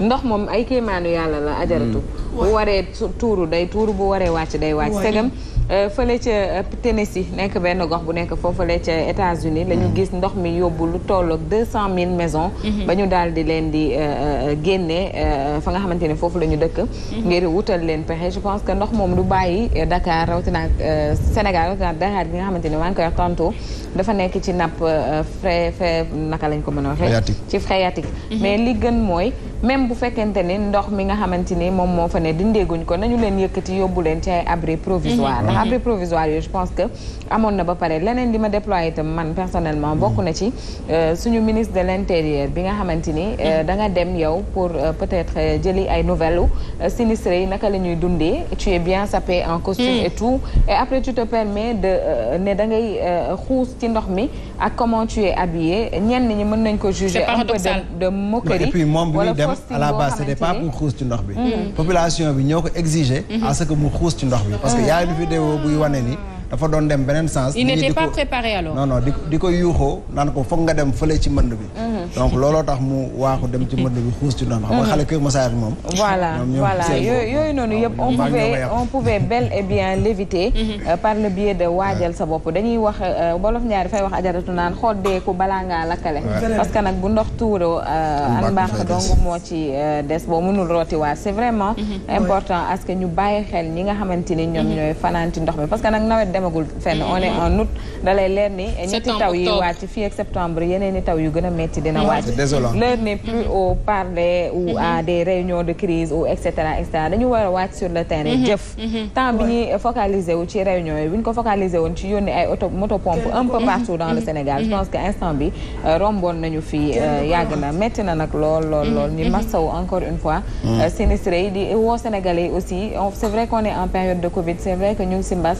ndox moom ay kéemaanu yàlla la ajaratu mm. bu waree tuuru day tuuru bu waree wàcc day wàcc segam euh, fële ca euh, Tennessee nekk benn gox bu nekk foofu ca États-Unis la ñu mm. gis ndox mi yóbbu lu toll ak cent mille maison mm-hmm. ba ñu daal di leen di euh, génne fa nga xamante ne foofu la ñu dëkk mm-hmm. ngir wutal leen pexe je pense que ndox moom lu bàyyi Dakar rawatina ak Sénégal rawatina Dakar gi nga xamante ne maa ngi koy wax dafa nekk ci napp frais frais naka lañ ko mën a waxee ci phréatique mm-hmm. mais li gën mooy même bu fekkente ni ndox mi nga xamante ni moom moo fa ne dindeeguñ ko nañu leen yëkkati yóbbu leen ci ay abri provisoire mhm. ndax mhm. abri provisoire yooyu je pense que amoon na ba pare leneen li ma déployé tam man personnellement bokk na ci euh, suñu ministre de l' bi nga xamante ni euh, mhm. danga dem yow pour euh, peut-être jëli ay nouvelles sinistrés yi naka la ñuy dundee tue bien sapé en costume et tout et après tu de ne da ngay xuus ci ndox mi ak comment tu es habillé ñi mën nañ ko juger à la base c'était pas pour xuus ci ndox bi mm-hmm. population bi ñoo ko exiger à ce que mu xuus ci ndox bi parce que yaay mm-hmm. lu vidéo buy wane ni dafa doon dem beneen sens. il n'était pas préparé alors. non di di ko yuuxoo naan ko foog nga dem fële ci mbënd bi. Mhm. donc looloo tax mu waaxu dem ci mbënd bi xuus ci noonu. xam nga mhm. xale Kër Massar moom. voilà voilà yooyu noonu yëpp on pouvait on pouvait bel et bien mhm. l'éviter. Euh, par le biais de waajal sa bopp dañuy wax bolof euh, ñaari fay wax ajaratu naan xool deeku balaa ngaa lakkale. parce que nag bu ndox tuuroo. Euh, an mbaax dong moo ci des boo mënul rootiwaat c'est vraiment important à ce que nga xamante ni ñoom ñooy fanaan parce que nag nawet demagul fenn on est en août dalay leer ni ñetti taw yi wàcc fii ak septembre yeneen i taw yu gën a métti dina wàcc l'heure n'est plus au parler ou mm-hmm. à des réunions de crise ou et cetera dañu war a wàcc sur le terrain mm-hmm. jëf mm-hmm. temps bi ñu focaliser wu ci réunion yi bu ñu ko focaliser woon ci yónni ay auto motopompe un peu partout dans le Sénégal je pense que instant bi euh, romboon nañu fii euh, yàgg na métti na nag lool lool lool ñu massaw encore une fois mm. euh, sinistré yi di woo Sénégalais aussi c'est vrai qu'on est ñu ngi si mbas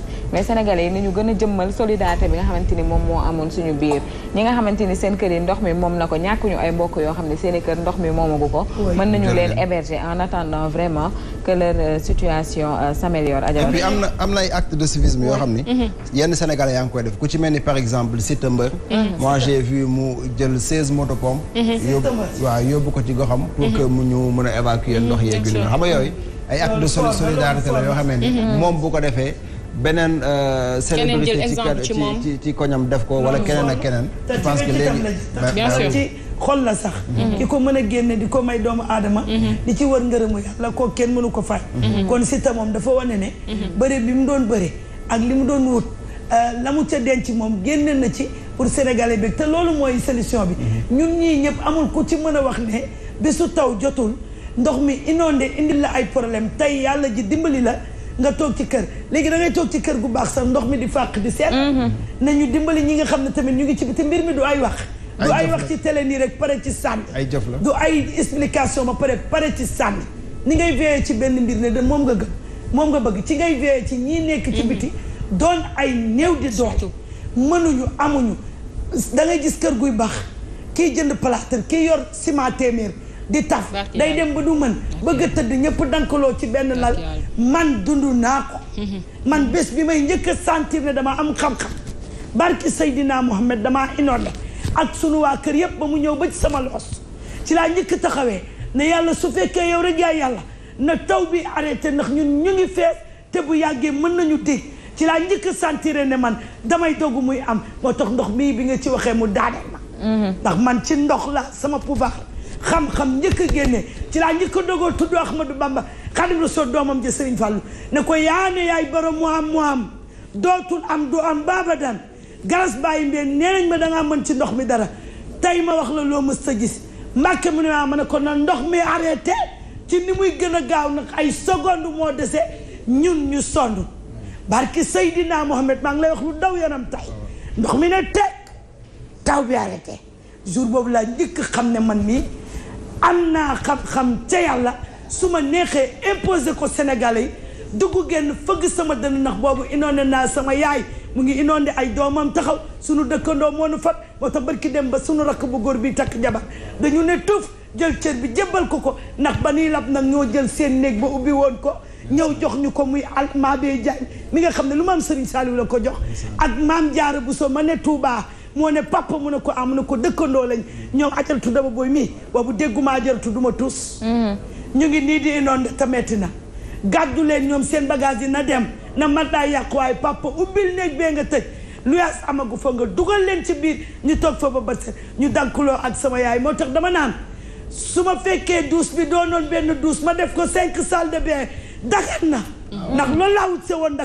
sénégalais yi nañu gën a jëmmal solidarité bi nga xamante ni moom moo amoon suñu biir ñi nga xamante ni seen kër yi ndox mi moom na ko ñàkkuñu ay mbokk yoo xam ne seen kër ndox mi moomagu ko mën nañu leen héberger en attendant vraiment que leur euh, situation euh, s'améliore ajara et puis am na am de civisme yoo xam ni mm-hmm. yenn sénégalais yaa ngi koy def ku ci mel ni par exemple Siteu Mbeur mm-hmm. moi j'ai vu mu jël seize motopompes mm-hmm. yóbbu waaw yóbbu ko ci goxam pour que mu ñu mën a évacuer ndox yeeg xam nga yooyu ay acte de solidarité la yoo xamee ni moom bu ko defee beneen euh, célébrité ci ci ci koñam def ko wala keneen ak keneen je pense que ci xol la sax ki mhm. ko mën a génne di ko may doomu aadama mhm. di ci wër ngërëmu yàlla koo kenn mënu ko fay mhm. kon si tamoom dafa wane ne bëre bi mu doon bëre ak li mu doon wut euh, la mu ca denc moom génneen na ci pour sénégalais bi te loolu mooy solution bi ñun ñii ñëpp amul ku ci mën a wax ne bésu taw jotul ndox mi de indil la ay problème tey yàlla ji dimbali la nga toog ci kër léegi da ngay toog ci kër gu baax sax ndox mi di fàq di seet mm-hmm. nañu dimbali ñi nga xam ne tamit ñu ngi ci biti mbir mi du ay wax du ay wax ci tele nii rek pare ci sànni ay jëf du ay explication ba pare pare ci sànni ni ngay veillé ci benn mbir ne da moom nga gën moom nga bëgg ci ngay veillé ci ñii nekk ci mm-hmm. biti doon ay néew di doon mënuñu amuñu da ngay gis kër guy baax kiy jënd plâtre kiy yor ciment téeméer di taf day dem ba du mën bëgg a tëdd dankaloo ci benn lal man dund naa ko mhm. man bés bi may njëkk a ne dama am xam-xam barki Seydina dama inoon inondé ak sunu waa kër yëpp ba mu ñëw ba ci sama loos ci laa njëkk taxawee ne yàlla su fekkee yow rek yaay yàlla na taw bi arrêté ndax ñun ñu ngi fees te bu yàggee mën nañu dégg ci laa njëkk sentir ne man damay dogu muy am moo tax ndox mii bi nga ci waxee mu daaneel ma mhm. ndax man ci ndox la sama pouvoir xam-xam njëkk a ci laa njëkk a dogoo tudd Ahmadou Bamba xadim rasul doomam ja sëriñ Fàllu ne ko yaane yaay borom mu am mu am dootul am du am baabadan garas bàyyi mbeen nee nañ ma dangaa mën ci ndox mi dara tey ma wax la loo mës ta gis mbàkke mu ne ma ne ko na ndox mi arrêté ci ni muy gën a gaaw nag ay seconde moo dese ñun ñu sond barki Seydina Mohamed maa ngi lay wax lu daw yaram tax ndox mi ne teg taw bi arrêté jour boobu laa njëkk xam ne man mii am naa xam-xam ca yàlla su ma neexee imposé ko Sénégalais yi dugg génn fëgg sama dënn ndax boobu inondé naa sama yaay mu ngi inondé ay doomam taxaw sunu dëkkandoo moo nu fat moo tax barki dem ba sunu rakk bu góor bi takk jabar dañu ne tuuf jël cër bi jébbal ko ko ndax ba nuy lab nag ñoo jël seen néeg ba ubbi woon ko ñëw jox ñu ko muy al Mabé Diagne mi nga xam ne lu maam Serigne Saliou la ko jox ak maam Diarra Bousso ma ne Touba moo ne papa mu ne ko am na ko dëkkandoo lañ ñoom ajaratu dama booy mii boobu dégguma ajaratu du ma tuus mm. ñu ngi nii de noon te metti na gàddu leen ñoom seen bagage yi na dem na man daa yàqu waaye papa ubbil néeg bee nga tëj lu yaas amagu fa nga dugal leen ci biir ñu toog fa ba bët ñu dankuloo ak sama yaay moo tax dama naan su ma fekkee douche bi doonoon benn douche ma def ko cinq salle de bain dagat na ndax loolu laa wut se woon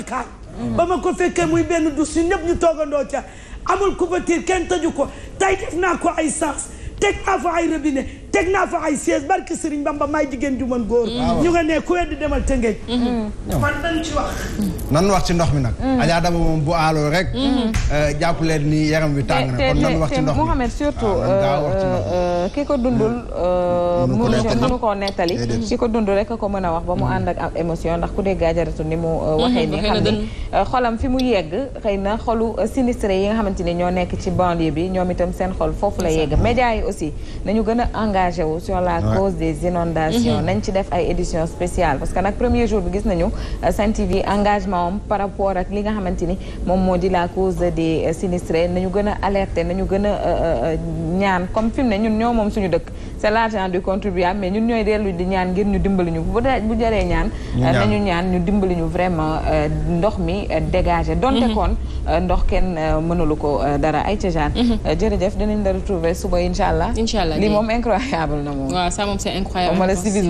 ba ma ko fekkee muy benn douche ñu ñëpp ñu toogandoo ca amul couverture kenn tëju ko tey def naa ko ay sens teg naa ay robinet teg naa fa ay siège barki Serigne Bamba maay jigéen ju mën góor. Mm. ñu demal Tëngéej. man mm-hmm. wax. Mm. nan ndox mi nag. Mm. Adja moom bu aaloo rek. Mm-hmm. Eh, jàpp leen ni yaram wi tàng ah, euh, wax ci ndox mi te te Mouhamed surtout. ki ko dundul. Euh, mënu koo nettali ki ko dundul rek a ko mën a wax ba mu ànd ak émotion ndax ku dee gaajaratu ni mu. Euh, waxee mm-hmm. ni xam ni xolam fi mu yegg xëy na xolu sinistre yi nga xamante ni ñoo nekk ci banlieue bi ñoom itam seen xol foofu la yegg média yi aussi nañu gën a engagé wu sur la cause des inondations mhm. nañ ci def ay édition spéciale parce que nag premier jour bi gis nañu euh, Sen engagement am par rapport ak li nga xamante ni moom moo di la cause des euh, sinistrés nañu gën a alerter nañu gën a euh, ñaan comme fi mu ne ñun ñoo moom suñu dëkk c'est l'argent du contribuable mais ñun ñooy dellu di ñaan ngir ñu dimbali ñu bu bu jëree ñaan nañu ñaan ñu dimbali ñu vraiment ndox mi dégagé donte mhm. ndox kenn mënulu ko dara ay ca mhm. jërëjëf incroyable na moom. waaw ça moom c'est incroyable.